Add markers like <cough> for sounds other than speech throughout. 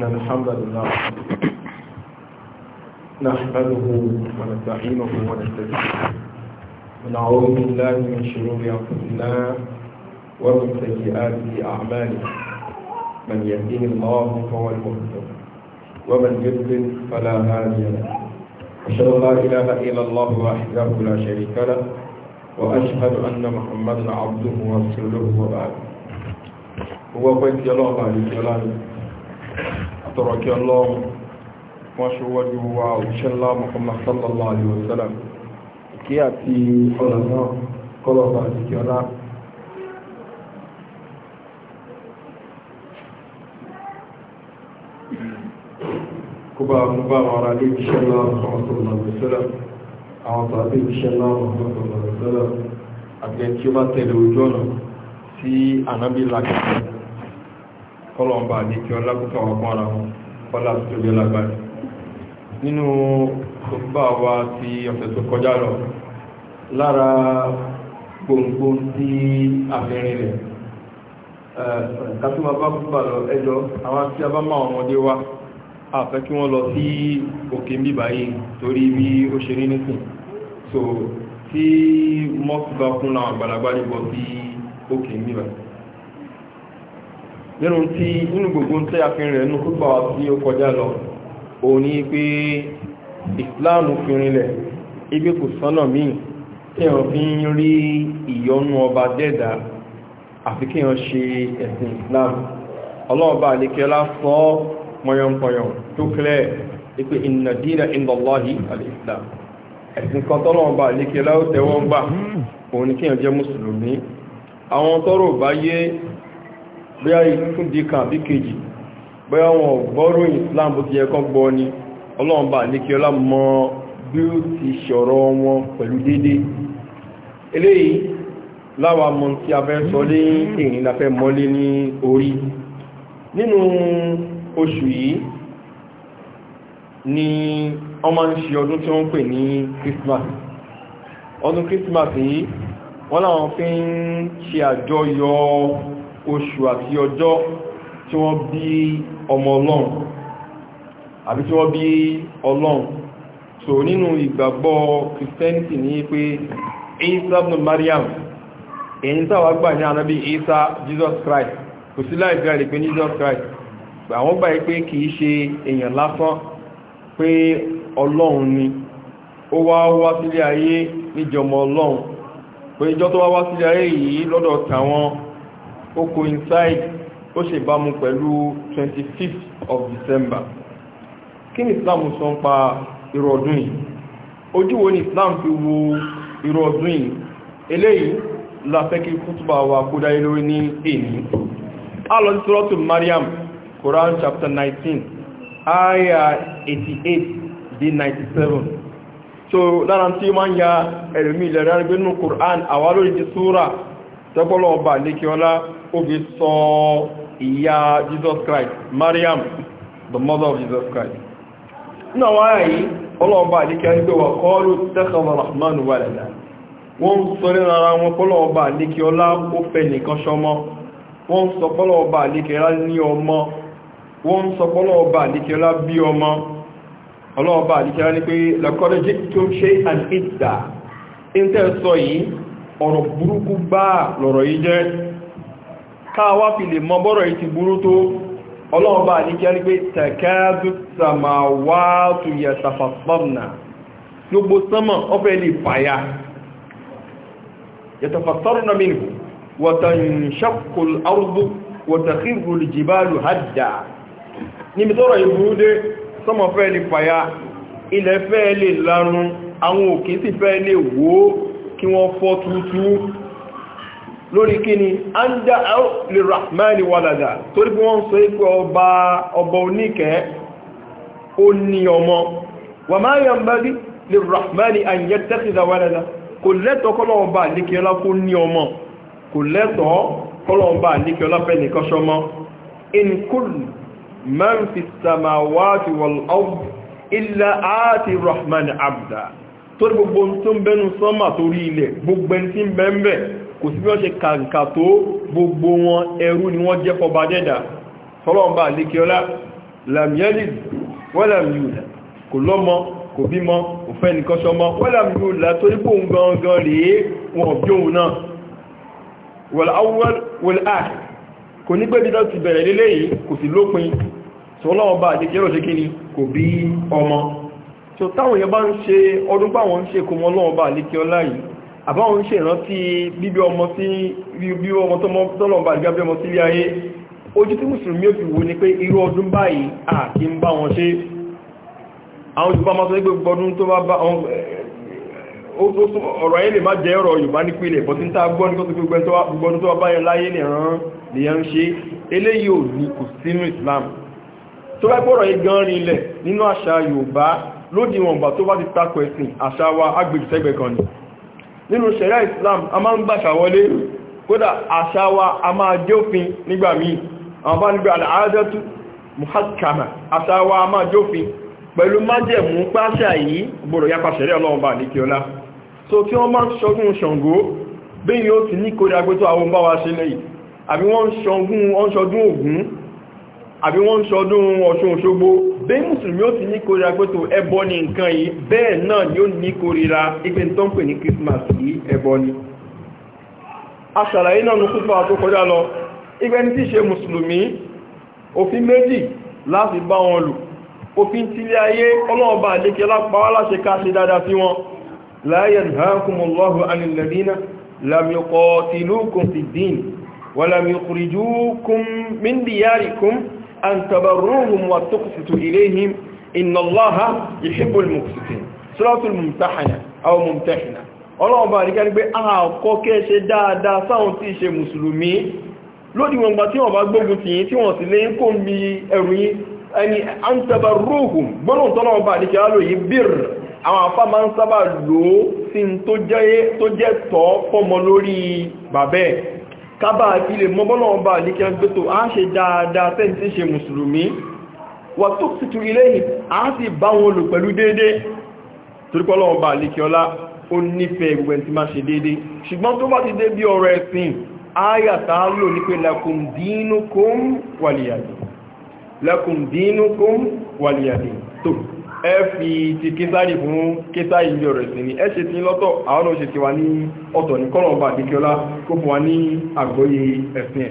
إن الحمد لله نحمده ونستعينه ونستجيبه ونعوذ بالله من شرور أنفسنا ومن سيئات أعمالنا من يهديه الله فهو المهتد ومن يضلل فلا هادي له أشهد أن لا إله إلا الله وحده لا شريك له وأشهد أن محمدا عبده ورسوله وبعد هو بيت الله عليه àtọ̀rọ̀ kí ọlọ́run wọ́n ṣíwọ́jú wa òṣìṣẹ́ ńlá Muhammad sallallahu alaihi wasallam kí àti ọ̀rọ̀ náà kọlọ̀bà àti ọlá kó bá mú bá àwọn ará lé ìṣẹ́ ńlá Muhammad sallallahu alaihi wasallam àwọn tàbí ìṣẹ́ ńlá Muhammad sallallahu alaihi wasallam àti ẹni tí ó bá tẹ̀lé ojú ọ̀nà sí ànábì lágbàá kọlọ̀mbà ní kí wọ́n lápútà wọn fún ara wọn kọ́lá tó tóbi lágbàdì nínú ọgbà wa ti ọ̀sẹ̀ tó kọjá lọ lára gbòǹgbò tí àfihàn rẹ̀ kátó máa bá púpà lọ ẹjọ́ àwọn tí a bá máa ọmọdé wa àfẹ́ kí wọ́n lọ sí òkè ń bíbá yìí torí bí ó ṣe rí nísìn so tí mọ́sí bá kún láwọn àgbàlagbà níbọ̀ sí òkè ń bíbá yìí nínú tí nínú gbogbo ń tẹ́ àfihàn rẹ̀ nínú púpà tí ó kọjá lọ òun ni pé Islam fi rinlẹ̀ ibi kò sọ́nà míì tí wọ́n fi ń rí ìyọ́nú ọba dẹ́ẹ̀dá àfi kí wọ́n ṣe ẹ̀sìn Islam ọlọ́ọ̀bá àlekẹ́lá sọ pọ̀yọ̀pọ̀yọ̀ tó kílẹ̀ ipe inna dina inda Allahi al-Islam ẹ̀sìn kan tọ́lọ́ọ̀bá àlekẹ́lá ó tẹ́wọ́ gbà òun ni kí wọ́n jẹ́ bóyá ìtún di kan àbí kejì bóyá wọn gbọ́rò islam bó ti yẹ kán gbọ́ ni ọlọ́run ní kí ọlá mọ bí ó ti sọ̀rọ̀ wọn pẹ̀lú dédé eléyìí láwa mọ tí a fẹ́ sọ lé èyí la fẹ́ mọ́lé ní orí nínú oṣù yìí ni wọ́n máa ń ṣe ọdún tí wọ́n pè ní Christmas ọdún Christmas yìí wọ́n láwọn fi ń ṣe àjọyọ̀ oṣù àti ọjọ́ tí wọ́n bí ọmọ ọlọ́run àbí tí wọ́n bí so nínú ìgbàgbọ́ christianity ní pé isa ibn mariam èyí sáwà gbà ní anábí isa jesus christ kò sí láì gbà pé jesus christ àwọn gbà pé kìí ṣe èèyàn lásán pé ọlọ́run ni ó wá wá sílé ayé níjọmọ ọlọ́run pé ìjọ tó wá wá sílé ayé yìí ó coincide ó ṣe ìbámu pẹ̀lú 25th of December kí ni Islam sọ ń pa irú ọdún yìí ojú wo ni Islam fi wo irú ọdún yìí eléyìí la fẹ́ kí kútùbà wa kó ní èní a lọ sí sọ́rọ́tù Mariam Quran chapter 19 ayah 88 dé 97 so lára tí ma ń ya ẹ̀rẹ̀mí ilẹ̀ rẹ̀ gbénú Qur'an àwálórí ti súra tẹ́gbọ́lọ̀ ọba lékí ọlá ó fi sọ ìyá jesus christ mariam the mother of jesus christ nínú àwọn àyà yìí ọlọ́ọ̀bá àdíkẹ́ ń gbé wà kọ́ọ̀lù tẹ́kọ̀ọ́ rahman wàlẹ̀dà wọ́n ń sọ nínú ara wọn pọ́lọ́ọ̀bá àdíkẹ́ ọlá ó fẹ́ nìkan ṣọmọ wọ́n ń sọ pọ́lọ́ọ̀bá àdíkẹ́ ọlá ní ọmọ wọ́n ń sọ pọ́lọ́ọ̀bá àdíkẹ́ ọlá bí ọmọ ọlọ́ọ̀bá àdíkẹ́ ọlá ní pé lẹ́kọ́lẹ́jì tó ṣe àdíkẹ́ ìdà káàwá fi lè mọ bọ́rọ̀ ìtì burú tó ọlọ́run bá ní kẹ́rí pé takadu samawatu yatafattarna gbogbo sánmà ọfẹ́ lè fàyà yatafattarna ardu wa jibalu hadda níbi tọ́rọ̀ ìburú dé sánmà fẹ́ lè fàyà ilẹ̀ fẹ́ lè lanú lórí kíni anda lè rahmani walada torí bí wọ́n sọ ipò ọba ọba oníkẹ́ ó ní ọmọ wà máa yàn bá rí lè rahmani an yattakhidha walada kò lẹ́tọ̀ kọ́lọ̀ọba àdíkẹ́lá kó ní ọmọ kò lẹ́tọ̀ kọ́lọ̀ọba àdíkẹ́lá fẹ́ nìkan ṣọmọ in kull man fi samawati wal ard kò sí bí wọ́n ṣe kàǹkà tó gbogbo wọn ẹrú ni wọ́n jẹ́ fọba dẹ́dà tọ́lọ́mbà lékeọlá làmìẹ́lì wọ́làmìúlà kò lọ́mọ kò bímọ kò fẹ́ nìkan ṣọmọ wọ́làmìúlà tó ipò gangan rèé wọn bí òun náà wọ́lá kò ní gbẹ́dídá ti bẹ̀rẹ̀ lélé yìí kò sí lópin tọ́lọ́mbà lékeọlá ṣe kí ni kò bí ọmọ so táwọn èèyàn bá ń ṣe ọdún báwọn ń ṣe kò mọ́ ọlọ́ọ̀bà lékeọlá yìí àbáwọn ń ṣèrántí bíbí ọmọ tí bí ọmọ tọ́lọ̀mbà ìgbà bí ọmọ sí ilé ayé ojú tí mùsùlùmí ò fi wo ni pé irú ọdún báyìí à kí ń bá wọn ṣe àwọn yorùbá máa sọ pé gbọdún tó bá bá ọ̀rọ̀ ayé lè má jẹ́ ọ̀rọ̀ yorùbá ní pílẹ̀ bọ́ tí ń tá gbọ́n tó tó bá Islam tó bá gbọ́rọ̀ yìí gan rin ilẹ̀ nínú àṣà yorùbá lódiwọ̀nba tó bá ti wa agbègbè sẹ́gbẹ̀ẹ́ nínú ṣẹ̀rá Islam a máa ń gbàṣà wọlé kódà àṣà wa a máa jẹ́ òfin nígbà míì àwọn bá nígbà al'adatu muhakkama àṣà wa a máa jẹ́ òfin pẹ̀lú májẹ̀mú pàṣà yìí gbọ́dọ̀ yapa ṣẹ̀rẹ́ ọlọ́run so kí wọ́n máa ń ṣọgún ṣàngó bí wa ṣe lẹ́yìn àbí wọ́n àbí wọ́n ń ṣọdún Ọ̀ṣun Òṣogbo bẹ́ẹ̀ mùsùlùmí ó ti ní kórira pé tó ẹbọ ni nǹkan yìí bẹ́ẹ̀ náà yóò ní kórira ipe tó ń pè ní Christmas yìí ẹbọ ni a ṣàlàyé náà nukúfà tó kọjá lọ ibẹ̀ ní tí ṣe mùsùlùmí òfin méjì láti bá wọn lù òfin tílé ayé ọlọ́ọ̀bá àdékẹ́ lápáwá láṣẹ ká ṣe dáadáa sí wọn la yanhakumullahu anil أن تبروهم وتقسطوا إليهم إن الله يحب المقسطين سورة الممتحنة أو ممتحنة ọlọ́run bá ní kárí pé àkọ́ kẹ́ ṣe dáadáa sáwọn tí ṣe mùsùlùmí lódí wọn gbà tí wọ́n bá gbógun ti yí tí wọ́n sì lè ń kó mi ẹ̀rù yí ẹni àǹtàbà rúhùn gbọ́nà tọ́lọ́run kábà àti ilè mọ́bọ́lọ́wọ́ bá àdíkẹ́ gbétò a ṣe dáadáa tẹ́yìn tí ṣe mùsùlùmí wà tó títù ilé yìí a sì bá wọn lò pẹ̀lú déédé torípọ́lọ́wọ́ bá àdíkẹ́ ọlá ó nífẹ̀ẹ́ gbogbo ẹni tí máa ṣe déédé ṣùgbọ́n tó bá ti dé bí ọ̀rọ̀ ẹ̀sìn áyàtà lò ní pé lakum dinukum waliyadin lakum dinukum waliyadin tó ẹ fi ti késàrì fún késàrì ilé ọ̀rọ̀ ìsìn ni ẹ ṣe ti lọ́tọ̀ àwọn náà ṣe ti wà ní ọ̀tọ̀ ní kọ́nà ọba àdékíọlá kó fún wa ní àgbọ́yé ẹ̀sìn ẹ̀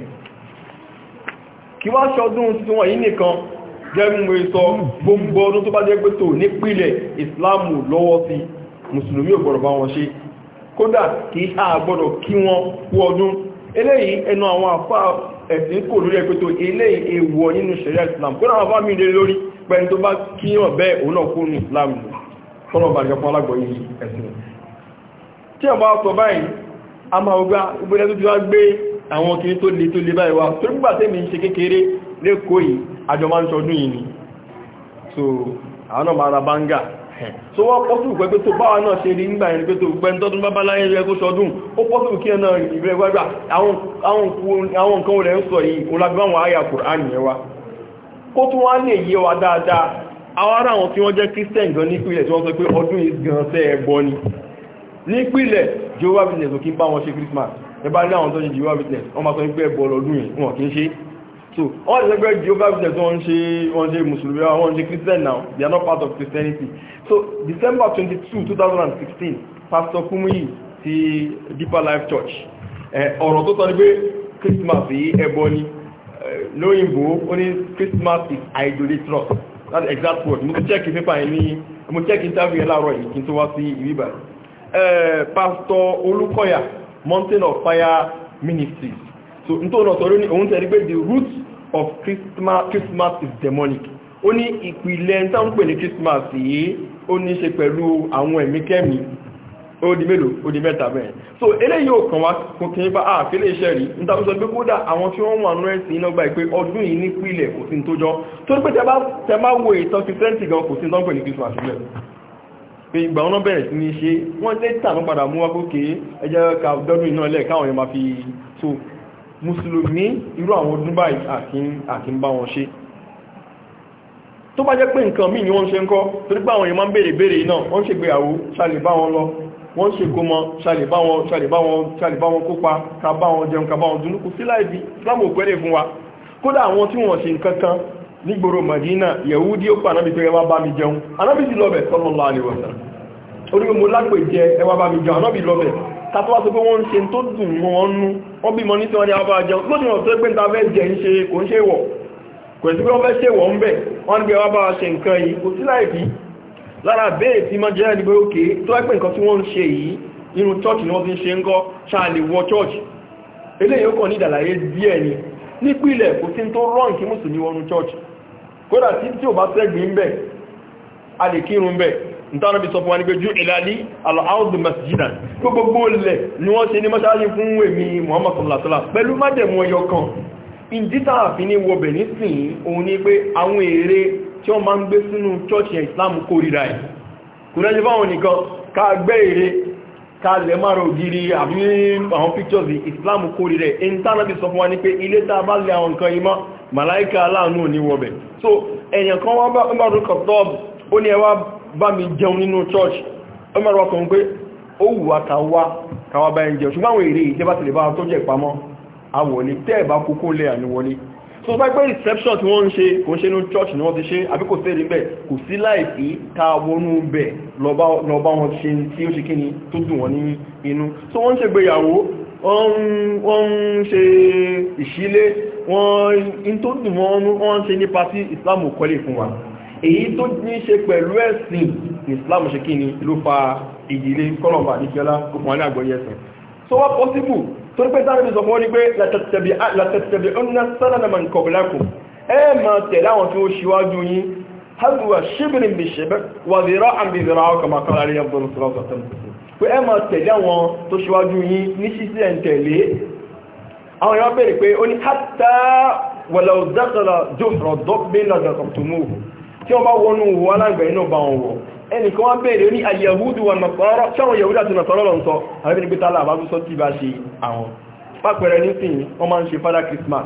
kí wá ṣọdún tí wọ́n yìí nìkan gẹ́gbùn ìsọ gbogbo ọdún tó bá jẹ́ pé tó nípìlẹ̀ ìsìláàmù lọ́wọ́ sí mùsùlùmí ẹ̀sìn kò lórí ẹgbẹ́ tó eléyìí èèwọ̀ nínú ṣẹ̀ríà ìsìláàmù kódà àwọn àfáà lórí pẹ́ tó bá kíyàn bẹ́ẹ̀ òun náà kúrò islam ní kọ́nà bàjẹ́ fún alágbọ̀ yìí ẹ̀sìn tí ọba ọkọ̀ báyìí a máa gbá ìgbélẹ̀ tó ti wá gbé àwọn kiri tó le tó le báyìí wá tó nígbà tẹ́mi ń ṣe kékeré lẹ́kọ̀ọ́ yìí àjọ máa ń sọdún yìí ni so àwọn náà máa ra báńgà so wọ́n pọ́sùn pẹ́ pé tó báwa náà ṣe rí nígbà yẹn pé tó pẹ́ tọ́dún bá báláyé rẹ kó sọdún ó pọ́sùn kí ẹ̀nà ìrẹ́gbẹ́gbà àwọn nǹkan rẹ̀ ń sọ yìí òun lágbàwọn àyà kùránì yẹn wá kó tún wá lè yé wa dáadáa àwọn wọn tí wọ́n jẹ́ christian gan nípìlẹ̀ tí wọ́n sọ pé ọdún ìgbọ̀n sẹ́ ẹbọ ni nípìlẹ̀ jehovah witness ò kí ń bá wọn ṣe christmas ẹbá ní àwọn tó jehovah witness wọ́n máa sọ pé ẹbọ so all the sọ pé jehovah witness wọ́n ṣe wọ́n ṣe mùsùlùmí wọ́n ṣe christian now they are not part of christianity so december twenty two two thousand and sixteen pastor kumuyi ti deeper life church ọ̀rọ̀ tó sọ ni pé christmas yìí ẹbọ ni lóyìnbó ó ní Christmas is idolatrous that's the exact word mo ti check paper yẹn ní mo check interview yẹn láàárọ̀ yìí kí n tó wá sí ìwé ìbàdàn Pastor Olukoya, Mountain of Fire Ministries so n tó lọ sọ lónìí òun tẹ̀lé pé the root of Christmas, Christmas is demonic ó ní ìpìlẹ̀ táwọn pè ní Christmas yìí ó ní í ṣe pẹ̀lú àwọn ẹ̀mí kẹ́mìí ó di mélòó ó di mẹ́ta bẹ́ẹ̀ so eléyìí ò kàn wá kòkè bá àfilé ah, iṣẹ́ rí nítorí sọ pé kódà àwọn tí wọ́n wà nú ẹ̀sìn iná gba ìpé ọdún yìí ní pílẹ̀ kò sí tó jọ tó ní pé tẹ bá wo ìtàn kìrìsẹ́ǹtì gan kò sí tó ń pè ní kristu àfilẹ̀ pé ìgbà wọn bẹ̀rẹ̀ sí ní ṣe wọ́n lé tàbí padà mú wá kókè ẹjẹ́ ká dọ́dún iná lẹ̀ káwọn yẹn máa fi so Muslimi. irú àwọn ọdún báyìí àti ń bá wọn ṣe tó bá jẹ́ pé nǹkan míì ni wọ́n ṣe ń kọ́ torí pé àwọn èèyàn máa ń béèrè béèrè iná wọ́n ṣègbéyàwó ṣàlè bá wọn lọ wọ́n ṣe kó mọ ṣàlìbáwọn ṣàlìbáwọn ṣàlìbáwọn kópa kàbáwọn jẹun kàbáwọn dúnú kò sí láìbí islam ò pẹ́rẹ̀ fún wa kódà àwọn tí wọ́n ṣe nǹkan kan nígboro Madina yẹ̀wúdí ó pa anábì pé ẹ wá bá mi jẹun anábì ti lọ́bẹ̀ sallallahu alaihi wasallam orí mo lápè jẹ ẹ wá bá mi jẹun anábì lọ́bẹ̀ tàbí wá sọ pé wọ́n ń ṣe tó dùn mọ́ wọn nú wọ́n bímọ ní tí wọ́n ní àwọn bá jẹun lóṣù wọn tó pé níta fẹ́ jẹ ń ṣe kò ń lára bẹ́ẹ̀ tí ma jẹ́ ẹnigbé òkè tó ẹ́pẹ́ nǹkan tí wọ́n ń ṣe yìí nínú church ni wọ́n fi ń ṣe ń gọ́ ṣáàlè wọ church eléyìí ó kàn ní ìdàlàyé díẹ̀ ni nípìlẹ̀ kò sí tó rọ́n kí mùsùlùmí wọnú church kódà tí tí ò bá sẹ́gbìn ń bẹ̀ a lè kírun bẹ̀ sọ fún wa ní pé jù ìlàlí al-ardu ni wọ́n ṣe ní fún Muhammad sallallahu pẹ̀lú kan ìdítà àfi ní òun pé àwọn èrè tí wọ́n máa ń gbé sínú church yẹn islam kórìíra ẹ̀ kò rẹ́jẹ́ fáwọn nìkan ká gbé ère ká lẹ̀ máa rọ ògiri àbí àwọn pictures islam kórìíra ẹ̀ èyí tánà bí sọ fún wa ní pé ilé tá a bá lẹ̀ àwọn nǹkan yìí mọ́ aláàánú ní wọbẹ̀ so èèyàn kan wá bá Umar Khattab ó ní ẹ wá bá mi jẹun nínú church Umar wá kàn pé ó wù wá ká wá ká tó bá pé reception tí wọ́n ń ṣe kò ṣe ní church ni wọ́n ti ṣe àbí kò tẹ́lẹ̀ bẹ̀ kò sí láìsí ká wọnú bẹ̀ lọ́bá wọn ṣe tí ó ṣe kí ni tó dùn wọn ní inú so wọ́n ń ṣe gbéyàwó wọ́n ń ṣe ìṣílé wọ́n tó dùn wọ́n ń ṣe nípa sí Islam kọ́lé fún wa èyí tó ní ṣe pẹ̀lú ẹ̀sìn Islam ṣe kí ni ló fa ìdílé kọ́lọ̀mbà nígbẹ́lá kò fún wa ní àgbọ́yé ẹ̀sìn tó wá pọ́síbù tó ní pé sáré mi sọ fún ọ ní pé làtẹ̀tẹ̀bì ọ̀nà sálànà mà ń kọ̀bìlákù ẹ máa tẹ̀lé àwọn tí ó ṣíwájú yín hazuwa ṣíbìrin bí ṣẹ̀bẹ̀ wà zèrọ àmì zèrọ àwọn kọmọkànlá rí ẹgbẹ̀rún sọ́rọ̀ sọ́tẹ̀mù pé ẹ máa tẹ̀lé àwọn tó ṣíwájú yín ní ṣíṣe ẹ̀ tẹ̀lé àwọn èèyàn bèèrè pé ó ní hátà wọ̀lọ̀ dákàlà jòfrọ̀ dọ́gbé lọ́dọ̀ tọ̀tùmù tí wọ́n bá wọnú wọn alágbẹ̀ẹ́ náà bá wọn wọ̀ ẹnìkan wọ́n bèèrè ní àyẹ̀húdù wà nàtọ́rọ̀ ṣọ́rọ̀ yẹ̀húdà ti nàtọ́rọ̀ lọ sọ àbẹ́bí nígbé tààlà àbá tó tí bá ṣe àwọn pápẹ̀rẹ̀ nísìn wọ́n máa ń ṣe fada Christmas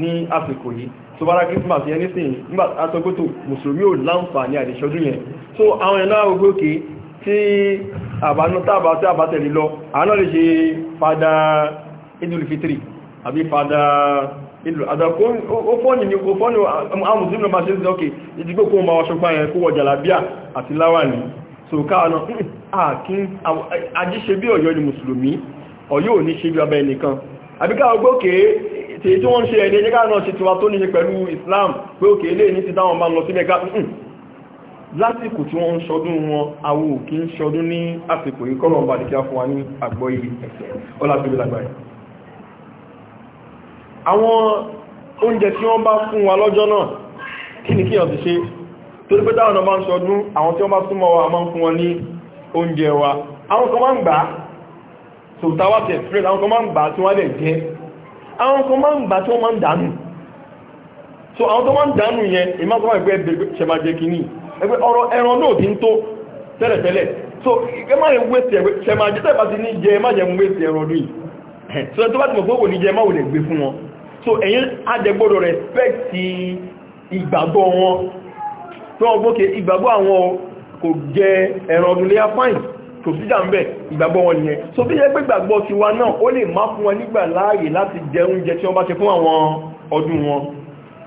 ní àsìkò yìí so fada Christmas yẹn nísìn nígbà asọ́gbótò mùsùlùmí ò láǹfààní àdìṣọ́dún yẹn so àwọn ẹ̀nà ogókè tí àbánútàbà tí àbátẹ̀lì lọ àánà lè ṣe fada Idul ìlú àdàkùn ó fọ́nì ní kò fọ́nì àwọn muslim náà bá ṣe ń sọ òkè ìdígbò kó ma wọ́ṣọ́ pa yẹn kó wọ jàlábíà àti láwàní so káàna hmm, àkín àjíṣe bí ọ̀yọ́ ni mùsùlùmí ọ̀yọ́ ò ní ṣe bí abẹ́ Islam pé òkè ilé ní ti táwọn bá lọ sílẹ̀ ká hmm. lásìkò tí wọ́n ń ṣọdún wọn awo kì í ṣọdún ní àsìkò ìkọlọ̀ ọba àdìkí afọ wa ní àgbọ́yé ẹ̀sẹ̀ ọlá tóbi lágbàáyé àwọn oúnjẹ tí wọ́n bá fún wa lọ́jọ́ náà kí ni kí ọ̀ ti ṣe torí pé táwọn ọmọ ń sọdún àwọn tí wọ́n bá súnmọ́ wa máa ń fún wọn ní oúnjẹ wa àwọn kan máa ń gbà tó táwà tẹ̀ fẹ́ àwọn kan máa ń gbà tí wọ́n lẹ̀ jẹ́ àwọn kan máa ń gbà tí wọ́n máa ń dànù so àwọn tó máa ń dànù yẹn ìmọ́sọ́mọ́ ìgbẹ́ ṣẹmajẹ kìíní ẹgbẹ́ ọ̀rọ̀ ẹran náà ti ń tó tẹ́lẹ̀tẹ́lẹ̀ so ẹ má lè wé tẹ̀ ṣẹmajẹ tẹ́lẹ̀ bá ti ní jẹ ẹ má ń wé tẹ̀ ẹran lóyìn so ẹ tó bá ti mọ̀ pé kò ní jẹ má wò lè gbé fún wọn so ẹ̀yin adẹ̀gbọ́dọ̀ rẹ̀spẹ̀tì ìgbàgbọ́ wọn tó ọgbókè ìgbàgbọ́ àwọn kò jẹ ẹ̀rọ ọdún léyà fáìn kò sí jàmbẹ̀ ìgbàgbọ́ wọn nìyẹn so bí jẹ́ pé gbàgbọ́ ti wa náà ó lè má fún wọn nígbà láàyè láti jẹ oúnjẹ tí wọ́n bá ṣe fún àwọn ọdún wọn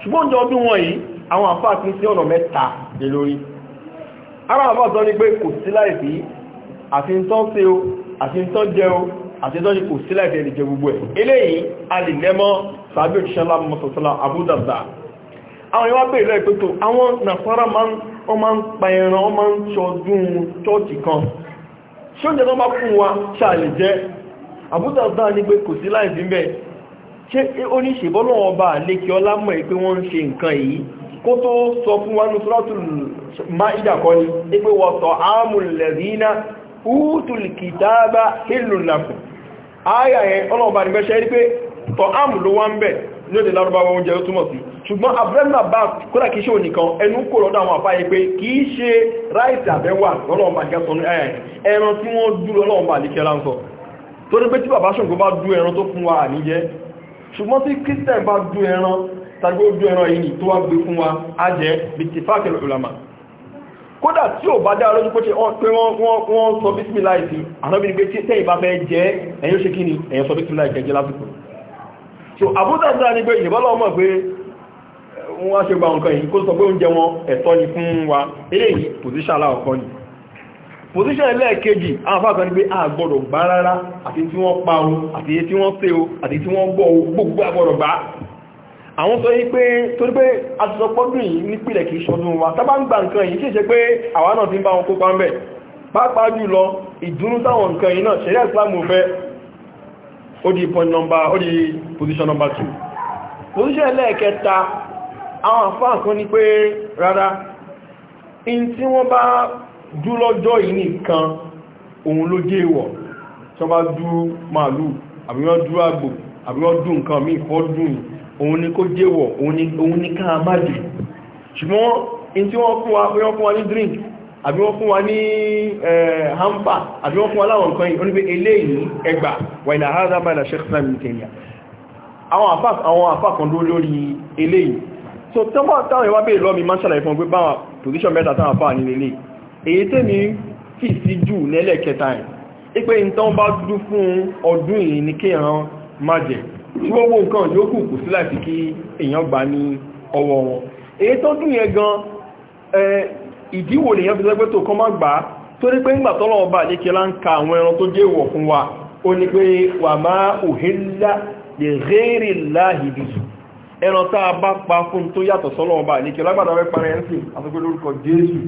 ṣùgbọ́n oúnjẹ ọdún wọn yìí àwọn àfáà pín sí ọ̀nà mẹ́ta lè lórí ara àfáà sọ ní pé kò sí láì sí àfi ń tán ṣe o àfi ń tán jẹ o àti tọ́jú kò sílẹ̀ ìfẹ́ ìjẹ gbogbo ẹ̀ eléyìí a lè lẹ́mọ́ sàbí òṣìṣẹ́lá mọ́sọ̀sọ́lá abúdàdà àwọn ìwá bèèrè rẹ̀ pé tó àwọn nàfàrà wọ́n máa ń pa ẹran wọ́n máa ń ṣọdún tó bá fún wa ní pé kò sí ní suratul Maida kọ́ ni pé wa ta'amul ladhina utul ayà yẹn ọlọ́ọ̀bá ní mẹ́ṣẹ́ rí pé tọ́ áàmù ló wá ń bẹ̀ lóde lárúbáwá oúnjẹ ló túmọ̀ sí ṣùgbọ́n abúrẹ́mìnà bá kódà kìí ṣe ònìkan ẹnu kò lọ́dọ̀ àwọn àfáyé pé kìí ṣe ráìsì àbẹ́wà lọ́lọ́ọ̀bá ní kẹsàn-án ayà yẹn ẹran tí wọ́n dú lọ́lọ́ọ̀bá ní kẹlá ń sọ torí pé tí bàbá ṣòǹgó bá dú ẹran tó fún wa àníjẹ́ ṣùgbọ́n tí Christian bá dú ẹran tàbí ó dú ẹran yìí tó wá gbé fún wa á jẹ́ bìtìfáàkì ulama kódà tí ò bá dára lójú pé wọ́n sọ bísmìlá ìsì ànábìnrin pé tẹ́yìn bá fẹ́ jẹ́ ẹ̀yìn ṣe kí ni ẹ̀yìn sọ bísmìlá ìjẹjẹ lásìkò so àbúdàdà ni pé ìbọ́lọ̀ mọ̀ pé eh, wọ́n á ṣe gba nǹkan yìí kó sọ pé oúnjẹ wọn ẹ̀tọ́ ni fún wa eléyìí pòsíṣà aláwọ̀kọ́ ni pòsíṣà ẹlẹ́ẹ̀kejì àfáàkan a gbọ́dọ̀ gbá rárá àti tí wọ́n pa o àwọn sọ yí pé torí pé asọpọ́dún yìí nípìlẹ̀ kìí ṣọdún wa tá bá ń gba nǹkan yìí ṣíṣe pé àwa náà ti ń bá wọn kópa ń bẹ̀ pàápàá jùlọ ìdúró sáwọn nǹkan yìí náà ṣẹlẹ̀ Islam fẹ́ ó di point number ó position number two position ẹlẹ́ẹ̀kẹta àwọn àfáà kan ní pé rárá in tí wọ́n bá dú lọ́jọ́ yìí nìkan òun ló jẹ́ ìwọ̀ tí àgbò àbí wọ́n nǹkan míì fọ́dún òun ni kó jẹ́wọ̀ òun ni ká má jù ṣùgbọ́n in tí wọ́n fún wa bí wọ́n fún wa ní drink àbí wọ́n fún wa ní hampa àbí wọ́n fún wa láwọn nǹkan yìí oníbẹ̀ eléyìí ẹgbà wà ìlà àádá bá ìlà sheikh sami kenya àwọn àfà kan ló lórí eléyìí so tọ́pọ̀ táwọn ìwá bèèrè lọ́mi máa ṣàlàyé fún pé báwọn position mẹ́ta táwọn àfà ní lélẹ̀ èyí tẹ́mi fi sí jù lẹ́lẹ̀kẹta ẹ̀ pé ìtàn bá dúdú fún ọdún yìí ní kéèyàn má jẹ̀ tí gbogbo nǹkan yóò kù kù sí láti kí èèyàn gbà ní ọwọ́ wọn èyí tó dùn yẹn gan ìdíwò lèyàn fi sẹ́gbẹ́ tó kọ́ má gbà torí pé ńgbà tọ́lọ̀ ọba àdékẹ́lá ń ka àwọn ẹran tó jẹ́ ìwọ̀ fún wa ó ní pé wà máa òhèlá lè rèrè láàhìbì ẹran tá a bá pa fún tó yàtọ̀ sọ́lọ̀ ọba àdékẹ́lá gbàdá rẹ̀ parẹ́ ń sìn àtúgbẹ́ lórúkọ Jésù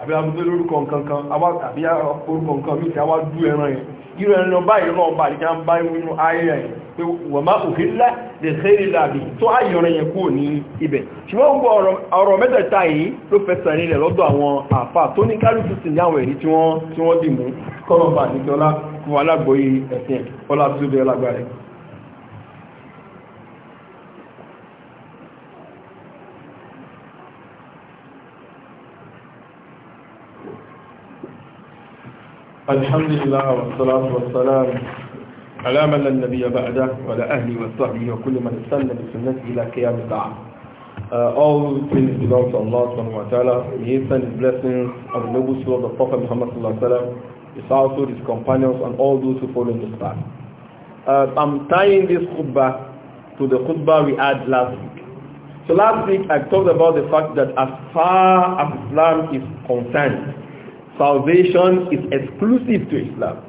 àbí àbúgbẹ́ irú ẹni lọ báyìí lọ́wọ́ bá ìjá ń bá inú ayẹ́ ẹ̀ pé wọ́n má òhìlá lè ṣẹ́rì láàbí tó ayọ̀rẹ̀ yẹn kúrò ní ibẹ̀ ṣùgbọ́n gbọ́ ọ̀rọ̀ mẹ́tẹ̀ẹ̀ta yìí ló fẹsẹ̀ nílẹ̀ lọ́dọ̀ àwọn àfà tó ní kálùkù sí ní àwọn ẹ̀rí tí wọ́n dì mú kọ́lọ̀ الحمد لله والصلاة والسلام على من لا نبي بعده ولا أهلي وصحبه وكل من استنى بسنته إلى قيام الساعة Uh, all praise belongs to Allah subhanahu wa ta'ala. May He send His blessings on the noble soul of the Prophet Muhammad sallallahu alaihi wasallam, his household, his companions, and all those who follow his path. Uh, I'm tying this khutbah to the khutbah we had last week. So last week I talked about the fact that as far as Islam is concerned, salvation is exclusive to Islam.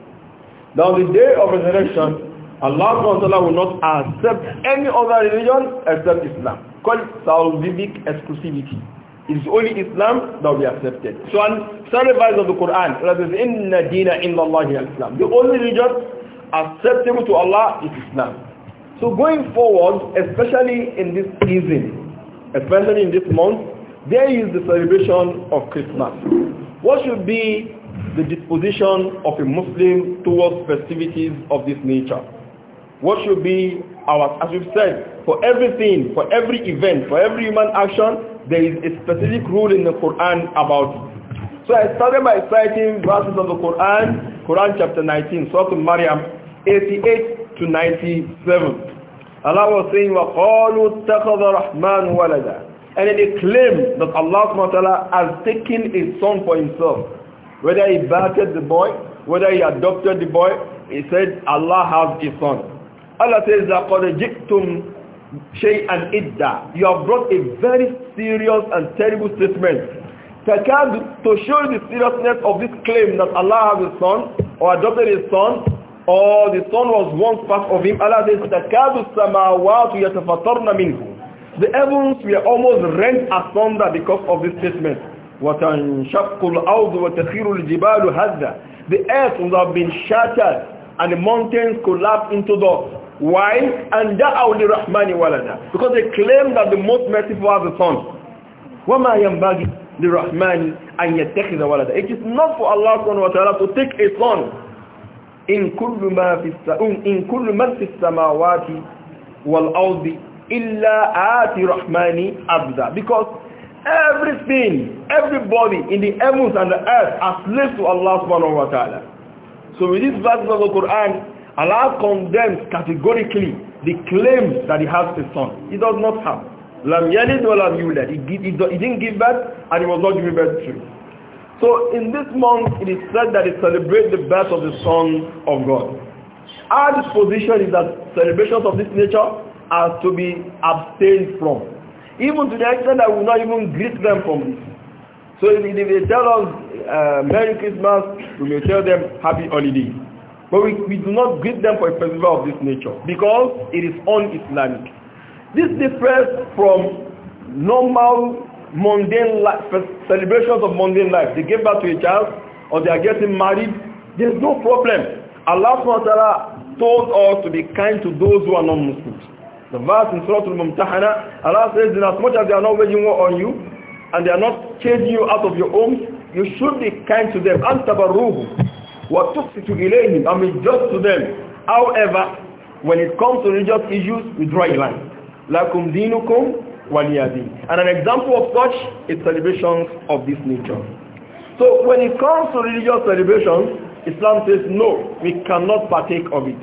Now the day of resurrection, Allah SWT will not accept any other religion except Islam. Call it salvific exclusivity. is only Islam that will be accepted. So on several verses of the Quran, إِنَّ دِينَ إِلَّا اللَّهِ Islam. The only religion acceptable to Allah is Islam. So going forward, especially in this season, especially in this month, there is the celebration of Christmas. What should be the disposition of a Muslim towards festivities of this nature? What should be our, as we've said, for everything, for every event, for every human action, there is a specific rule in the Quran about it. So I started by citing verses of the Quran, Quran chapter 19, Surah Maryam, 88 to 97. Allah was saying, وَقَالُوا اتَّخَذَ رَحْمَانُ وَلَدًا And then they claim that Allah SWT has taken a son for himself. Whether he birthed the boy, whether he adopted the boy, he said Allah has a son. Allah says that for قَدْ جِئْتُمْ شَيْئًا idda, You have brought a very serious and terrible statement. to show the seriousness of this claim that Allah has a son, or adopted a son, or the son was once part of him, Allah says, تَكَادُ السَّمَاوَاتُ يَتَفَطَرْنَ مِنْهُ The heavens were almost rent asunder because of this statement. وَتَنْشَقُّ الْأَوْضُ وَتَخِيرُ الْجِبَالُ هَذَّا The earth would have been shattered and the mountains collapsed into the Why? And that the Rahmani walada. Because they claim that the most merciful has a son. وَمَا يَنْبَغِي لِرَحْمَانِ أَنْ يَتَّخِذَ وَلَدًا It is not for Allah subhanahu wa ta'ala to take a son. إن كل ما في السماوات والأرض illa aati rahmani abda because everything everybody in the heavens and the earth are slaves to Allah subhanahu wa ta'ala so with this verses of the Quran Allah condemns categorically the claims that he has a son he does not have lam yalid wa lam yulad he, he, he didn't give birth and he was not given birth to so in this month, it is said that it celebrates the birth of the Son of God. Our disposition is that celebrations of this nature are to be abstained from. Even to the extent that we will not even greet them from this. So if, they tell us uh, Merry Christmas, we may tell them Happy Holiday. But we, we do not greet them for a festival of this nature because it is un-Islamic. This differs from normal mundane life, celebrations of mundane life. They give birth to a child or they are getting married. There is no problem. Allah SWT told us to be kind to those who are non muslim The verse in Surah Al-Mumtahana, Allah says "In as much as they are not waging war on you, and they are not chasing you out of your homes, you should be kind to them. أَنْ to وَتُقْسِتُ إِلَيْهِمْ I mean, just to them. However, when it comes to religious issues, we draw a line. لَكُمْ دِينُكُمْ وَلِيَدِينَ And an example of such is celebrations of this nature. So when it comes to religious celebrations, Islam says no, we cannot partake of it.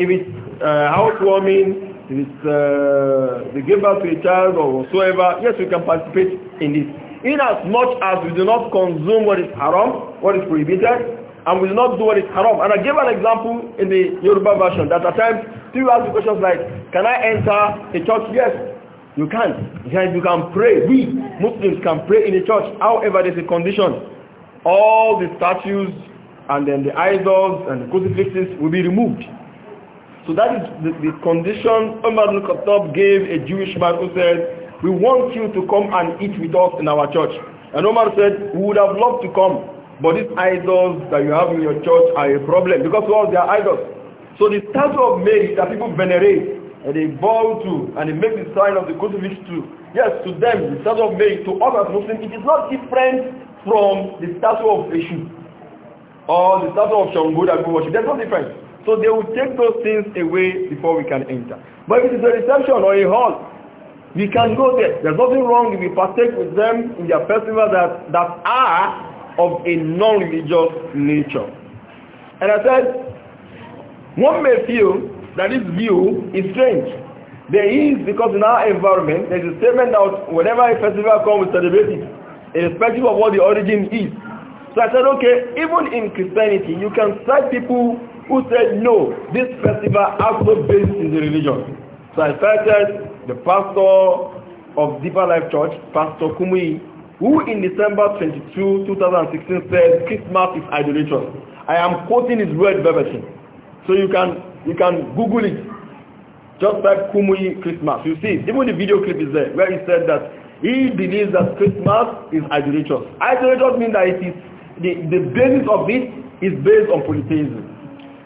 If it's uh, housewarming, It is uh, the giver to a child or whatsoever, yes, we can participate in this. In as much as we do not consume what is haram, what is prohibited, and we do not do what is haram. And I gave an example in the Yoruba version that at times people ask questions like, can I enter a church? Yes, you can. Yes, you can pray. We Muslims can pray in the church. However, there's a condition. All the statues and then the idols and the crucifixes will be removed. So that is the, the condition Umar al-Khattab gave a Jewish man who said, we want you to come and eat with us in our church. And Umar said, we would have loved to come, but these idols that you have in your church are a problem because all they are idols. So the statue of Mary that people venerate and they bow to and they make the sign of the crucifix to, yes, to them, the statue of Mary, to us as Muslims, it is not different from the statue of Eshu or the statue of Shango that we worship. There's no difference. So they will take those things away before we can enter. But if it is a reception or a hall, we can go there. There's nothing wrong if we partake with them in their festivals that, that are of a non-religious nature. And I said, one may feel that this view is strange. There is, because in our environment, there's a statement that whenever a festival comes, we celebrate it, irrespective of what the origin is. So I said, okay, even in Christianity, you can cite people who said, no, this festival has no base in the religion. So I cited the pastor of Deeper Life Church, Pastor Kumuyi, who in December 22, 2016 said, Christmas is idolatrous. I am quoting his word verbatim. So you can, you can Google it. Just type Kumuyi Christmas. You see, even the video clip is there where he said that he believes that Christmas is idolatrous. Idolatrous means that it is, the, the basis of it is based on polytheism.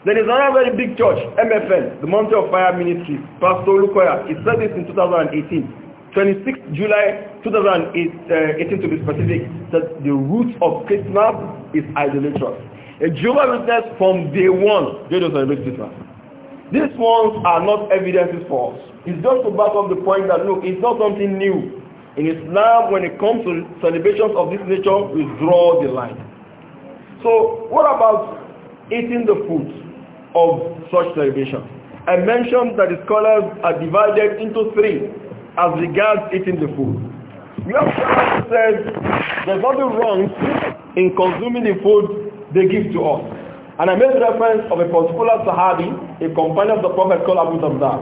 There is another very big church, MFN, the Mountain of Fire Ministry, Pastor Lukoya. He said this in 2018. 26 July 2018 uh, to be specific, that the root of Christmas is idolatrous. A Jehovah Witness from day one, they don't celebrate Christmas. These ones are not evidences for us. It's just to back up the point that look, it's not something new. In Islam, when it comes to celebrations of this nature, we draw the line. So what about eating the food? of such celebration. I mentioned that the scholars are divided into three as regards eating the food. We have said there's nothing wrong in consuming the food they give to us. And I made reference of a particular Sahabi, a companion of the Prophet called Abu Darda.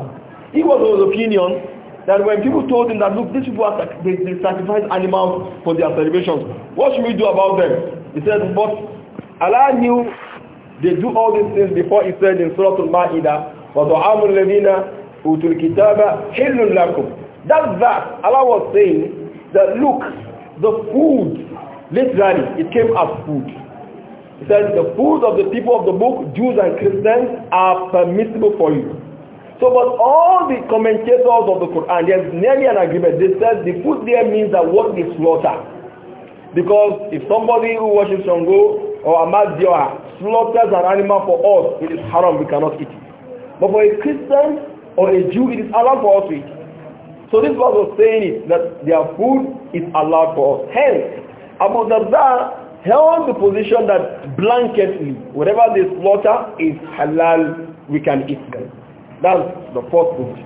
He was of the opinion that when people told him that, look, these people, are, they, they sacrifice animals for their celebrations. What should we do about them? He said, but Allah knew They do all these things before he said in Surah Al-Ma'idah, وَضُعَامُ الَّذِينَ أُوتُوا الْكِتَابَ حِلٌّ لَكُمْ That's that. Allah was saying that look, the food, literally, it came as food. He says the food of the people of the book, Jews and Christians, are permissible for you. So, but all the commentators of the Quran, there's nearly an agreement. They said the food there means that what they slaughter. Because if somebody who worships Shango or among the slaughters an animal for us, it is haram, we cannot eat it. But for a Christian or a Jew, it is allowed for us to eat. So this verse was saying it, that their food is allowed for us. Hence, Abu Darda held the position that blanketly, whatever they slaughter is halal, we can eat them. That's the first point.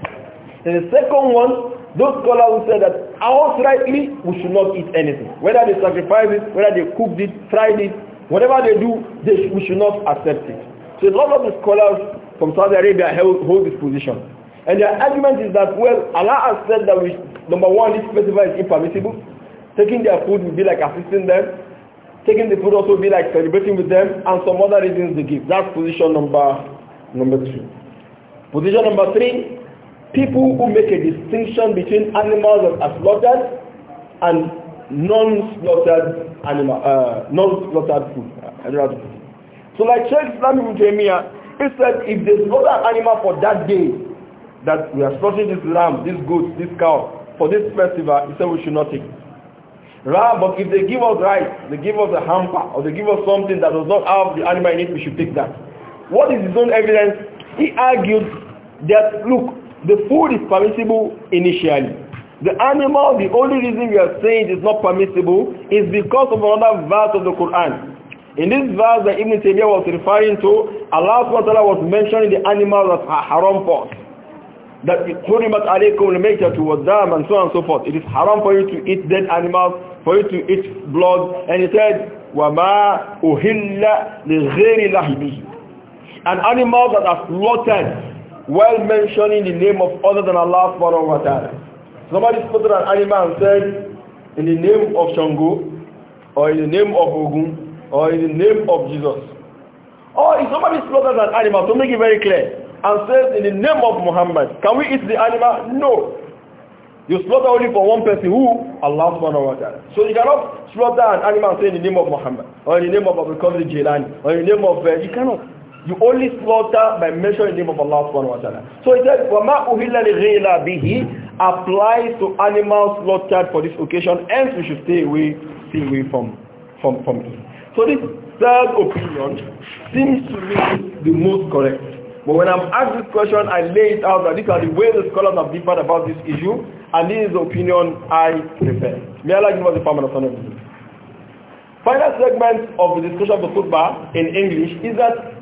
And the second one, those scholars who said that outrightly we should not eat anything. Whether they sacrifice it, whether they cooked it, fried it, Whatever they do, they, we should not accept it. So a lot of the scholars from Saudi Arabia hold, hold this position. And their argument is that, well, Allah has said that, we, number one, this festival is impermissible. Taking their food would be like assisting them. Taking the food also would be like celebrating with them. And some other reasons they give. That's position number, number two. Position number three, people who make a distinction between animals that are slaughtered and non-slaughtered animal, uh, non-slaughtered food. Uh, I So like Sheikh Islam Ibn Taymiyyah, he said if they slaughter animal for that day, that we are slaughtering this lamb, this goat, this cow, for this festival, he said we should not take it. Right, but if they give us rice, they give us a hamper, or they give us something that does not have the animal in it, we should take that. What is his own evidence? He argued that, look, the food is permissible initially. The animal, the only reason we are saying it is not permissible is because of another verse of the Quran. In this verse that Ibn Taymiyyah was referring to, Allah SWT was mentioning the animals that are haram for us. That Hurimat alaykum al-maytatu wa dam and so on and so forth. It is haram for you to eat dead animals, for you to eat blood. And he said, وَمَا أُهِلَّ لِغَيْرِ لَهِبِهِ An animal that are slaughtered while mentioning the name of other than Allah subhanahu wa ta'ala. Somebody slaughtered an animal and said, in the name of Shango, or in the name of Ogun, or in the name of Jesus. Or if somebody slaughtered an animal, to make it very clear, and says, in the name of Muhammad, can we eat the animal? No. You slaughter only for one person who? Allah subhanahu wa ta'ala. So you cannot slaughter an animal and say in the name of Muhammad, or in the name of Abu Qadir Jilani, or in the name of... Uh, you cannot. You only slaughter by measuring the name of Allah subhanahu wa ta'ala. So it says, وَمَا أُهِلَّ لِغَيْلَ بِهِ applies to animals slaughtered for this occasion, and we should stay away, stay away from, from, from it. So this third opinion seems to be the most correct. But when I'm asked this question, I lay it out that these are the ways the scholars have differed about this issue, and this is the opinion I prefer. May Allah give us the permanent understanding. Final segment of the discussion of the khutbah in English is that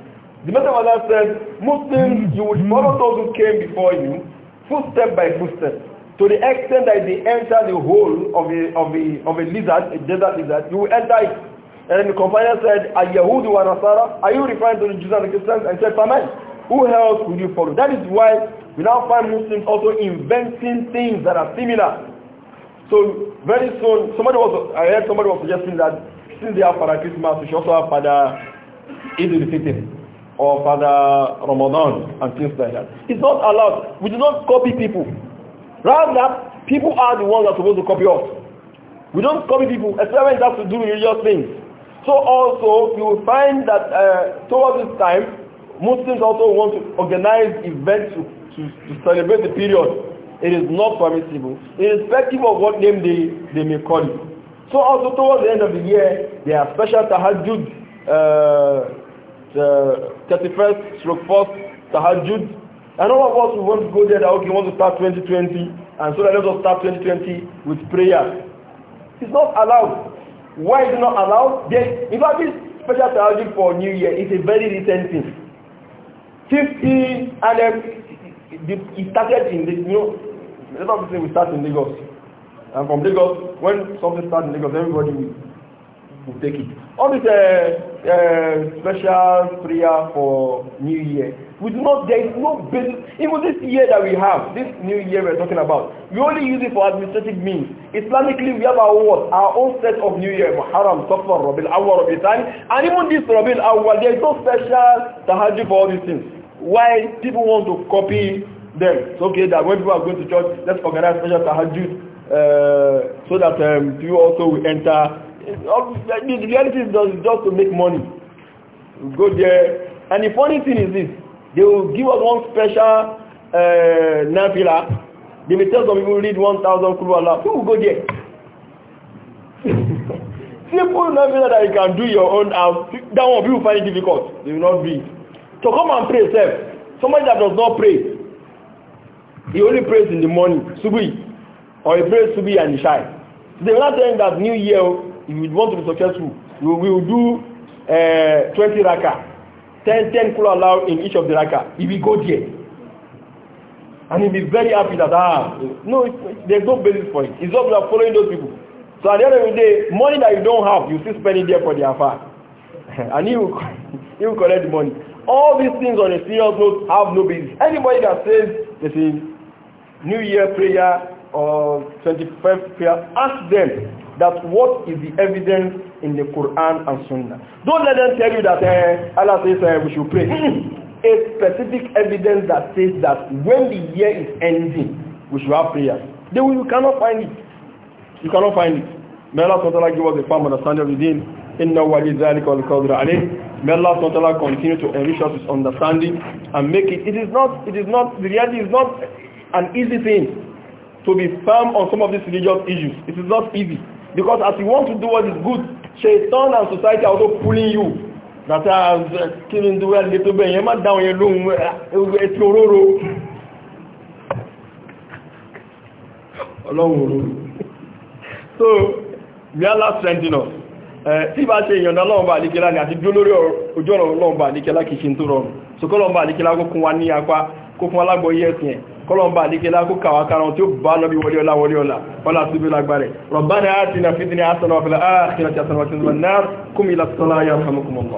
The Messenger of Allah said, Muslims, you will follow those who came before you, footstep by footstep. To the extent that they enter the hole of a, of a, of a lizard, a desert lizard, you will enter it. And the companion said, Are Yahudi wa Nasara? Are you referring to the Jews and the Christians? And said, Amen. Who else would you follow? That is why we now find Muslims also inventing things that are similar. So very soon, somebody was, I heard somebody was suggesting that since they have Father Christmas, we should also have Father Eid al-Fitr. or Father Ramadan and things like that. It's not allowed. We do not copy people. Rather, people are the ones that are supposed to copy us. We don't copy people, especially when it has to do religious things. So also, you will find that uh, towards this time, Muslims also want to organize events to, to, to celebrate the period. It is not permissible, irrespective of what name they, they may call it. So also towards the end of the year, there are special tahajjud uh, Uh, the 31st stroke 1st tahajjud. And all of us we want to go there that, okay, want to start 2020, and so let us start 2020 with prayer. It's not allowed. Why is it not allowed? Yes, in fact, this special tahajjud for New Year is a very recent thing. 50, and then it started in, the, you know, let us say we start in Lagos. And from Lagos, when something starts in Lagos, everybody will will take it. All this uh, uh, special prayer for New Year, we do not, there is no basis, even this year that we have, this New Year we're talking about, we only use it for administrative means. Islamically, we have our own, Our own set of New Year, Muharram, Safar, Rabil Awwal, Rabil Thani, and even this Rabil Awwal, there is no special tahajjud for all these things. Why people want to copy them? It's okay that when people are going to church, let's organize special tahajjud uh, so that um, you also will enter the reality is just, just to make money. You go there. And the funny thing is this. They will give us one special uh, nafila. They may tell some people read 1,000 kuru Allah. Who will go there? <laughs> Simple nafila that you can do your own house. That one will find it difficult. They will not read. So come and pray self. Somebody that does not pray. He only prays in the morning, Subi. Or he prays Subi and shai. So they will not tell him that New Year oh, if you want to be successful you will do uh, eh, 20 raka 10 10 kula allow in each of the raka he will go there and he'll be very happy that ah no there's no basis for it it's just like following those people so at the end of the day money that you don't have you still spend it there for the affair <laughs> and he will <laughs> he will collect the money all these things on a serious note have no basis anybody that says this is new year prayer or 25th prayer ask them that what is the evidence in the Quran and Sunnah. Don't let them tell you that eh, Allah says eh, we should pray. <laughs> a specific evidence that says that when the year is ending, we should have prayer. Then you cannot find it. You cannot find it. May Allah SWT give us a firm understanding of the deen. Inna wali dhalika wal qadra alayh. May Allah SWT continue to enrich us with understanding and make it. It is not, it is not, the reality is not an easy thing to be firm on some of these religious issues. It is not easy. Because as you want to do what is good, Shaitan and society are also pulling you. That uh, killing Nàtà kí ni ìdúwẹ́ àlètò bẹ̀yẹn má dáwọn yẹn lóhun uh, uh, ẹ̀tì oróró. Ọlọ́run oróró. So, we are last strengthening us. Tí bá ṣe ìyọ̀nà lọ́wọ́nbà àdíkẹ́lá ni àti bí olórí ojú ọ̀rọ̀ lọ́wọ́nbà àdíkẹ́lá kìí ṣe tó rọrùn. So, kọ́lọ́wọ́nbà àdíkẹ́lá kó kún wa ní apá, kó kún alágbọ̀ yẹ́ ẹ̀sìn ẹ̀ kọlọmbà àdíkẹ́ lákó kàwàkàrà tí ó bá lọ́bí wọlé ọlá wọlé ọlá wọlá sí bí lágbàrẹ̀ rọ̀bá ni a ti na fi dín ní asọ́nà ọ̀fẹ́lá ààkìrìtì asọ́nà wàtí ìzùmọ̀ náà kúmìlá sọ́lá yà